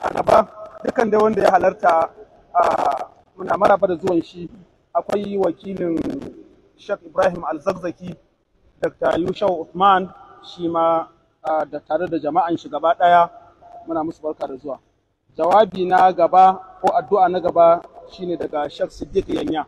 a gaba dukkan dai wanda ya halarta a muna maraba da zuwan shi akwai wakilin Sheikh Ibrahim alzazzaki Dr. Yushau Uthman shi ma da tare da jama'an shi gaba ɗaya muna musu barka da zuwa jawabi na gaba ko addu'a na gaba shine daga Sheikh Siddiq Yanya